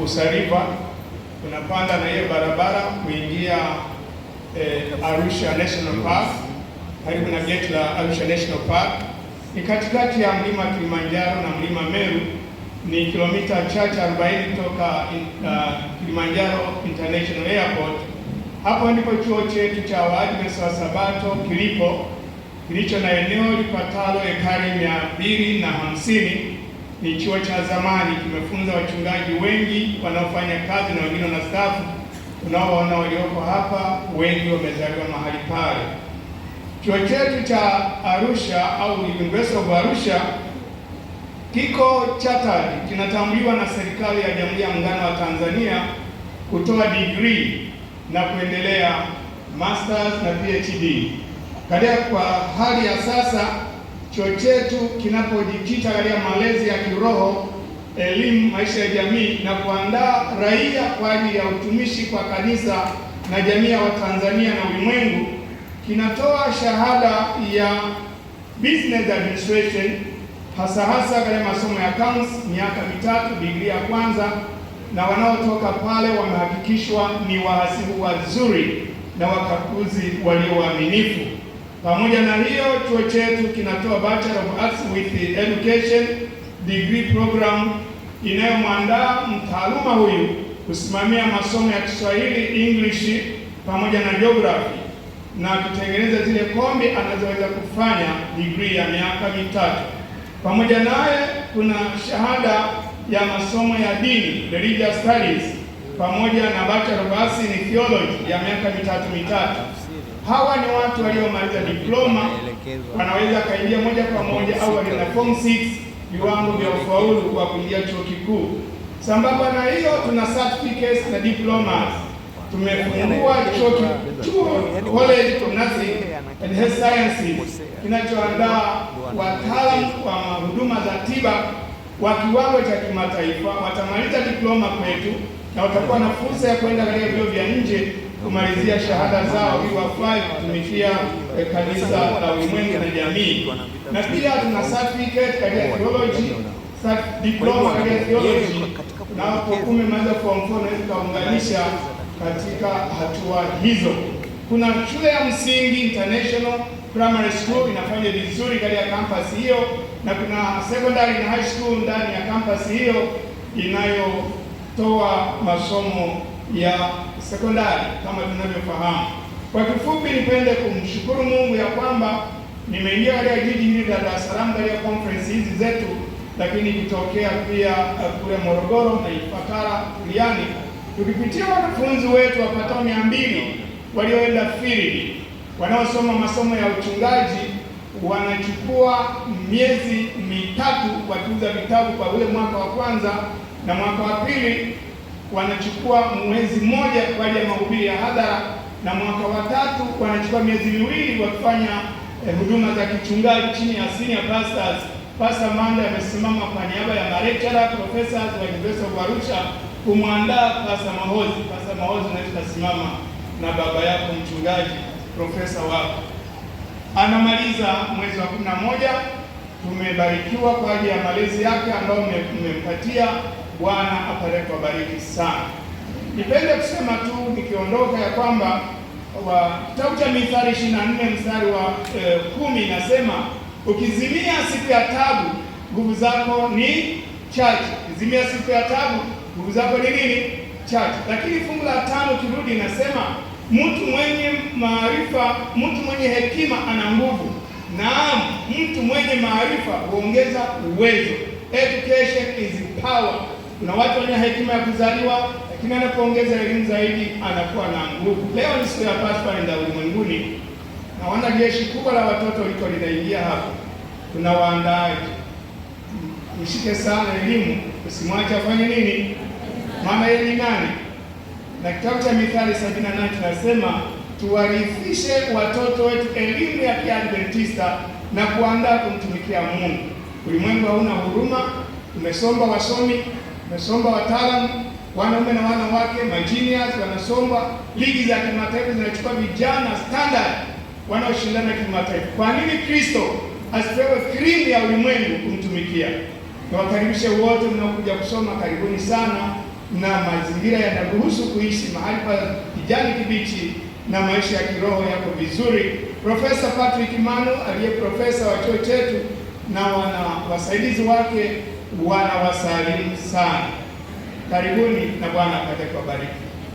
Busariva unapanda na hiyo barabara kuingia eh, Arusha National Park, karibu na gate la Arusha National Park. Ni katikati ya mlima Kilimanjaro na mlima Meru, ni kilomita chache 40 kutoka uh, Kilimanjaro International Airport. Hapo ndipo chuo chetu cha Waadventista wa Sabato kilipo, kilicho na eneo lipatalo ekari mia mbili na hamsini ni chuo cha zamani, kimefunza wachungaji wengi wanaofanya kazi na wengine wanastaafu. unaoona walioko hapa wengi wamezaliwa mahali pale. Chuo chetu cha Arusha au University of Arusha kiko chartered, kinatambuliwa na serikali ya Jamhuri ya Muungano wa Tanzania kutoa degree na kuendelea masters na PhD. Kadia kwa hali ya sasa Chuo chetu kinapojikita katika malezi ya kiroho, elimu, maisha ya jamii na kuandaa raia kwa ajili ya utumishi kwa kanisa na jamii ya Watanzania na ulimwengu, kinatoa shahada ya business administration hasa hasa katika masomo ya accounts miaka mitatu, digrii ya kwanza, na wanaotoka pale wamehakikishwa ni wahasibu wazuri na wakaguzi walio waaminifu. Pamoja na hiyo, chuo chetu kinatoa Bachelor of Arts with Education degree program inayomwandaa mtaaluma huyu kusimamia masomo ya Kiswahili, English pamoja na geography na kutengeneza zile kombi anazoweza kufanya degree ya miaka mitatu. Pamoja naye kuna shahada ya masomo ya dini religious studies pamoja na Bachelor of Arts in Theology ya miaka mitatu mitatu. Hawa ni watu waliomaliza diploma, wanaweza kaingia moja kwa moja au walina form 6 viwango vya ufaulu kwa kuingia chuo kikuu. Sambamba na hiyo, tuna certificates na diplomas. Tumefungua chuo kikuu college of nursing and health sciences kinachoandaa wataalamu wa huduma za tiba wa kiwango cha kimataifa. Watamaliza diploma kwetu na watakuwa na fursa ya kwenda katika vyuo vya nje kumalizia shahada zao ili wafai kutumikia eh, kanisa la ulimwengu na jamii, na pia tuna certificate katika theology, diploma katika theology, na kumi maliza form 4 naweza kaunganisha katika hatua hizo. Kuna shule ya msingi International Primary School inafanya vizuri katika campus hiyo, na kuna secondary na high school ndani ya kampasi hiyo inayotoa masomo ya sekondari kama tunavyofahamu. Kwa kifupi, nipende kumshukuru Mungu ya kwamba nimeingia katika jiji hili la Dar es Salaam katika conference hizi zetu, lakini kitokea pia eh, kule Morogoro na Ifakara Kuliani, tukipitia wanafunzi wetu wapatao mia mbili walioenda field wanaosoma masomo ya uchungaji wanachukua miezi mitatu wakiuza vitabu kwa ule mwaka wa kwanza na mwaka wa pili wanachukua mwezi mmoja kwa ajili ya mahubiri ya hadhara, na mwaka wa tatu wanachukua miezi miwili wakifanya eh, huduma za kichungaji chini ya senior pastors. Pastor Manda amesimama kwa niaba ya marechara professors wa University of Arusha kumwandaa Pastor Mahozi. Pastor Mahozi na tunasimama na baba yako mchungaji profesa wako anamaliza mwezi wa kumi na moja. Tumebarikiwa kwa ajili ya malezi yake ambayo mmempatia. Bwana akaleta bariki sana. Nipende kusema tu nikiondoka ya kwamba kitabu cha Mithali 24 mstari wa eh, kumi nasema ukizimia siku ya tabu nguvu zako ni chache. Ukizimia siku ya tabu nguvu zako ni nini? Chache. Lakini fungu la tano kirudi inasema mtu mwenye maarifa, mtu mwenye hekima ana nguvu, naam, mtu mwenye maarifa huongeza uwezo. Education is power. Kuna watu wenye hekima ya kuzaliwa, lakini anapoongeza elimu zaidi anakuwa na nguvu. Leo ni siku ya Pathfinder ulimwenguni, naona jeshi kubwa la watoto liko linaingia hapa. waandaaji, Mshike sana elimu, usimwache afanye nini, maana yeye ni nani? Na kitabu cha Mithali 78 tunasema tuwarithishe watoto wetu elimu ya Kiadventista na kuandaa kumtumikia Mungu. Ulimwengu hauna huruma, umesomba wasomi Nasomba wataalamu wanaume na wanawake, engineers wanasomba, ligi za kimataifa zinachukua vijana standard wanaoshindana kimataifa. Kwa nini Kristo asipewe krimu ya ulimwengu kumtumikia? Niwakaribishe wote mnaokuja kusoma, karibuni sana, na mazingira yanaruhusu kuishi mahali pa kijani kibichi na maisha ya kiroho yako vizuri. Profesa Patrick Manu aliye profesa wa chuo chetu na wana wasaidizi wake Bwana wasalimu sana. Karibuni na Bwana akate kubariki.